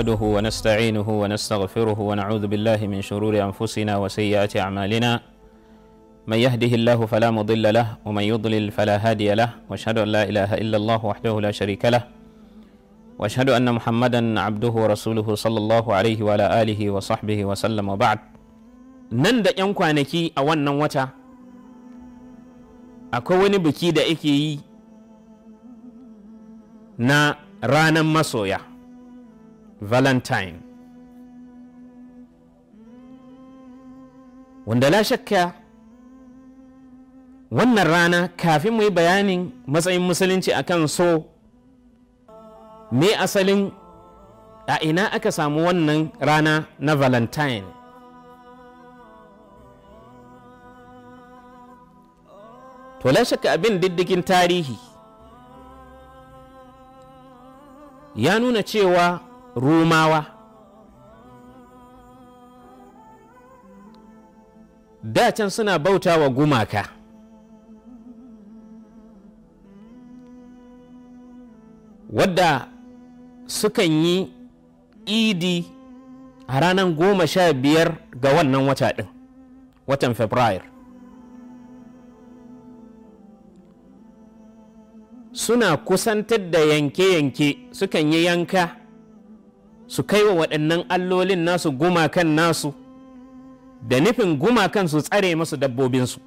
نحمده ونستعينه ونستغفره ونعوذ بالله من شرور أنفسنا وسيئات أعمالنا من يهده الله فلا مضل له ومن يضلل فلا هادي له واشهد أن لا إله إلا الله وحده لا شريك له واشهد أن محمدا عبده ورسوله صلى الله عليه وعلى آله وصحبه وسلم وبعد نند ينكوانكي أولا وتا أكون بكيد إكي na ranar masoya valentine wanda la shakka wannan rana kafin mu yi bayanin matsayin musulunci a kan so me asalin a ina aka samu wannan rana na valentine to la shakka abin diddigin tarihi ya nuna cewa rumawa da can suna bauta wa gumaka wadda sukan yi idi a ranar goma sha biyar ga wannan wata ɗin watan fabrair suna kusantar da yanke-yanke sukan yi yanka su kai wa waɗannan allolin nasu gumakan nasu da nufin gumakan su tsare masu dabbobinsu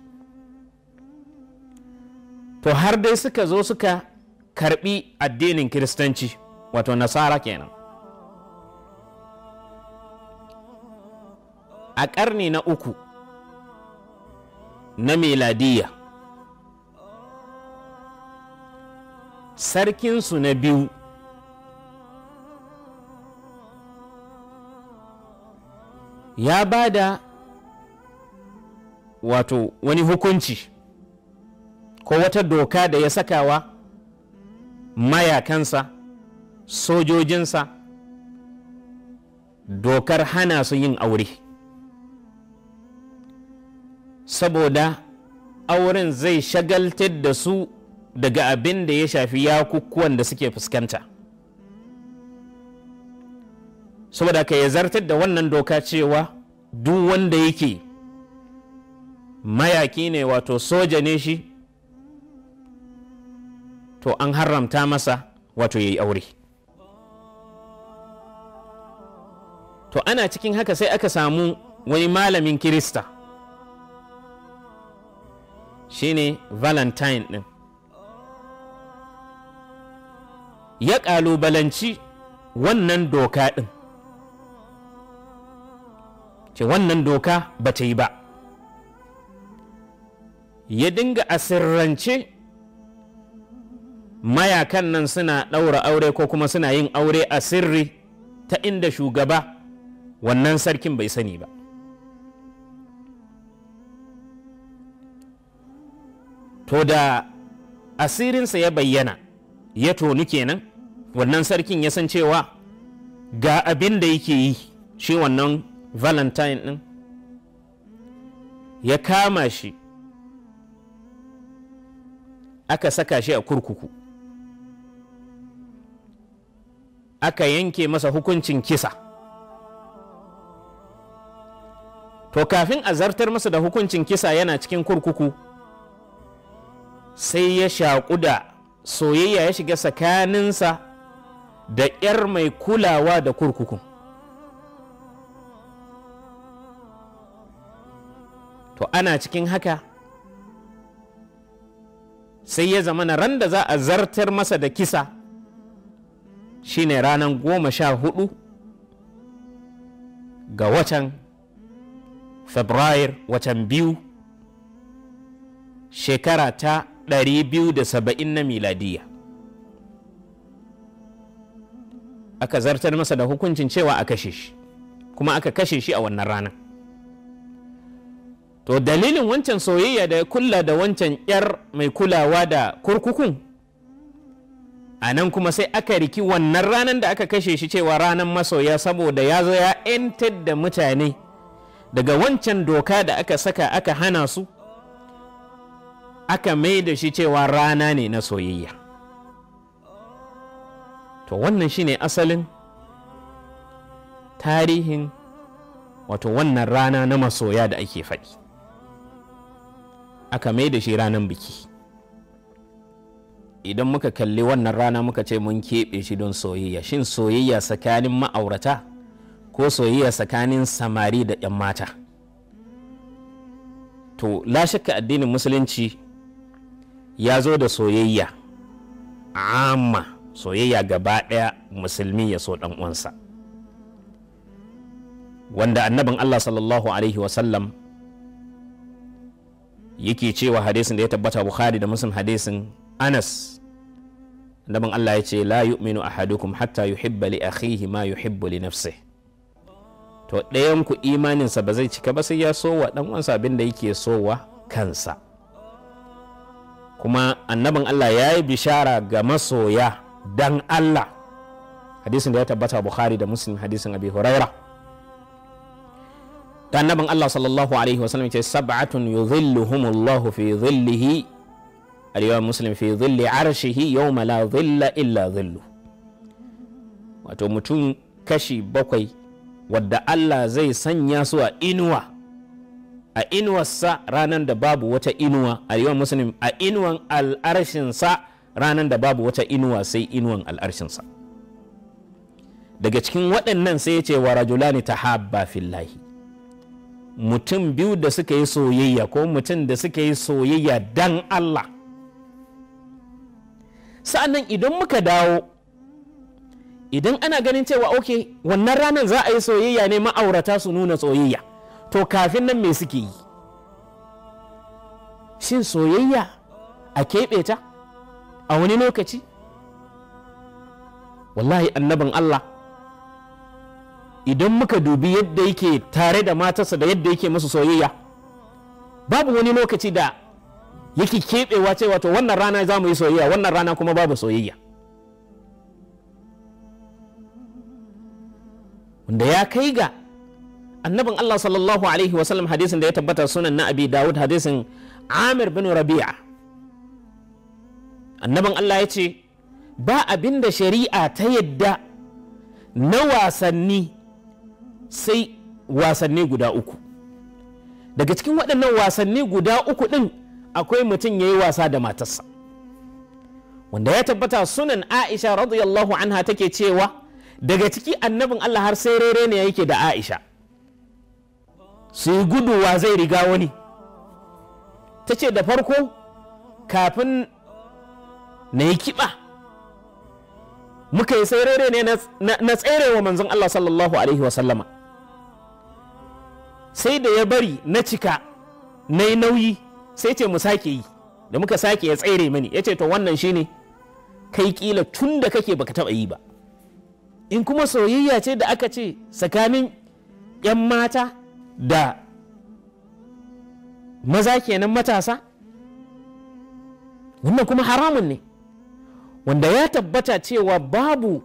to har dai suka zo suka karbi addinin kiristanci wato nasara kenan a ƙarni na uku na meladiya sarkinsu na biyu ya ba da wato wani hukunci ko wata doka da ya sakawa mayakansa sojojinsa dokar hana su yin aure saboda auren zai shagaltar da su daga abin da ya shafi yakukuwan da suke fuskanta saboda ka ya zartar da wannan doka cewa duk wanda yake mayaki ne wato soja ne shi to an haramta masa wato ya yi aure to ana cikin haka sai aka samu wani malamin kirista shine valentine din ya ƙalubalanci wannan doka din. ce wannan doka ba ta yi ba ya dinga a sirrance mayakan nan suna ɗaura aure ko kuma suna yin aure a sirri ta inda shugaba wannan sarkin bai sani ba to da asirinsa ya bayyana ya toni kenan wannan sarkin ya san cewa ga abin da yake yi shi wannan valentine ɗin ya kama shi aka saka shi a kurkuku aka yanke masa hukuncin kisa to kafin a zartar masa da hukuncin kisa yana cikin kurkuku sai ya shaƙu da soyayya ya shiga tsakaninsa da 'yar mai kulawa da kurkukun to ana cikin haka sai ya zama na ran da za a zartar masa da kisa shine ranar goma sha hudu ga watan fabrairu watan biyu shekara ta da 270 na miladiya aka zartar masa da hukuncin cewa a kashe shi kuma aka kashe shi a wannan ranar to dalilin wancan soyayya da ya kulla da wancan yar mai kulawa da kurkukun a nan kuma sai aka riki wannan ranar da aka kashe shi cewa ranar masoya saboda ya zo ya 'yantar da mutane daga wancan doka da aka saka aka hana su aka mai da shi cewa rana ne na soyayya to wannan shi ne asalin tarihin wato wannan rana na masoya da ake faɗi aka mai da shi ranar biki idan muka kalli wannan rana muka ce mun keɓe shi don soyayya shin soyayya tsakanin ma'aurata ko soyayya tsakanin samari da 'yan mata to la shakka addinin musulunci ya zo da soyayya amma soyayya gaba ɗaya musulmi ya so ɗan uwansa wanda annabin allah sallallahu alaihi wasallam yake cewa hadisin da ya tabbata bukhari da muslim hadisin anas annaban Allah ya ce la yu'minu ahadukum hatta yuhibba li akhihi ma yuhibbu li nafsihi to ɗayan ku imaninsa ba zai cika ba sai ya sowa dan uwansa abin da yake wa kansa kuma annaban Allah ya yi bishara ga masoya dan Allah hadisin da ya tabbata Bukhari da Muslim hadisin Abi Hurairah ta annabin Allah sallallahu alaihi wa sallam ce sab'atun yudhilluhumullahu fi dhillihi al muslim fi dhilli arshihi yawma la dhilla illa dhillu wato mutum kashi bakwai wadda Allah zai sanya su a inuwa a inuwarsa ranar da babu wata inuwa al muslim a inuwan al'arshinsa ranar da babu wata inuwa sai inuwan al'arshinsa daga cikin waɗannan sai ya ce wa rajulani tahabba fillahi mutum biyu da suka yi soyayya ko mutum da suka yi soyayya dan Allah sa'annan idan muka dawo idan ana ganin cewa ok wannan ranar za a yi soyayya ne ma'aurata su nuna soyayya to kafin nan me suke yi shin soyayya a keɓe ta a wani lokaci wallahi annabin Allah idan muka dubi yadda yake tare da matarsa da yadda yake musu soyayya babu wani lokaci da yake keɓewa cewa to wannan rana za mu yi soyayya wannan rana kuma babu soyayya wanda ya kai ga annabin Allah sallallahu alaihi wasallam hadisin da ya tabbata sunan na abi dawud hadisin amir bin rabi'a annabin Allah ya ce ba abin da shari'a ta yadda na wasanni sai wasanni guda uku daga cikin waɗannan wasanni guda uku ɗin akwai mutum ya yi wasa da matarsa wanda ya tabbata sunan aisha radiyallahu anha take cewa daga ciki annabin allah har sai rere ne yake da aisha su yi guduwa zai riga wani ta ce da farko kafin na yi kiɓa muka yi sai rere ne na tserewa manzon allah sallallahu alaihi wasallama sai da ya bari na cika na yi nauyi sai ce mu sake yi da muka sake ya tsere mani ya ce to wannan shi ne kai kila tun da kake baka taba yi ba in kuma soyayya ce da aka ce tsakanin 'yan mata da maza kenan matasa wannan kuma haramun ne wanda ya tabbata cewa babu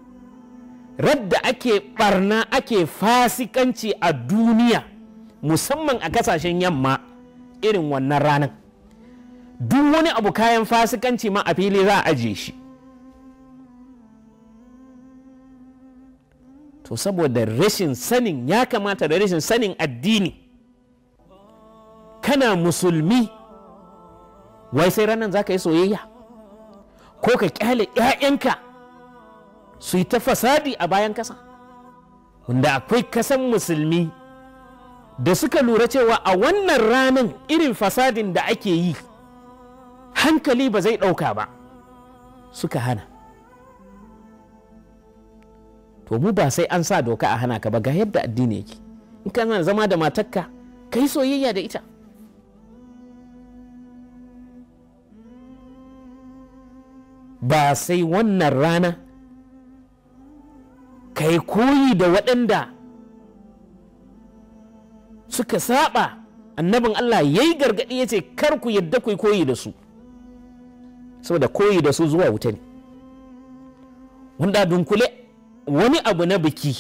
radda ake barna ake fasikanci a duniya musamman a kasashen yamma irin wannan ranar duk wani abu kayan fasikanci ma a fili za a ajiye shi to saboda rashin sanin ya kamata da rashin sanin addini kana musulmi wai sai ranar za ka yi soyayya ko ka kyale 'ya'yanka su yi ta fasadi a bayan kasa wanda akwai kasan musulmi da suka lura cewa a wannan ranan irin fasadin da ake yi hankali ba zai ɗauka ba suka hana to mu ba sai an sa doka a hana ka ba ga yadda addini yake in kana zama da matakka ka yi soyayya da ita ba sai wannan rana ka yi koyi da waɗanda suka saba annabin Allah ya yi gargaɗi ya ce kar ku yadda ku koyi da su saboda koyi da su zuwa wuta ne wanda dunkule wani abu na biki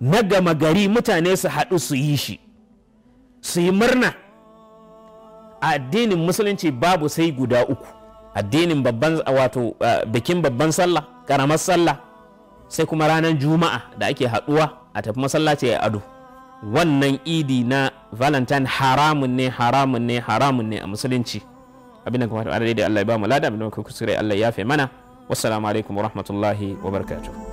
na gama gari mutane su haɗu su yi shi su yi murna a addinin musulunci babu sai guda uku addinin babban wato bikin babban sallah karamar sallah sai kuma ranar juma'a da ake haɗuwa a tafi masallaci ya ado wannan idi na valentine haramun ne haramun ne haramun ne a musulunci abin da kuma da Allah ya ba mu lada abin da kuma kusurai Allah ya fi mana wassalamu alaikum wa rahmatullahi wa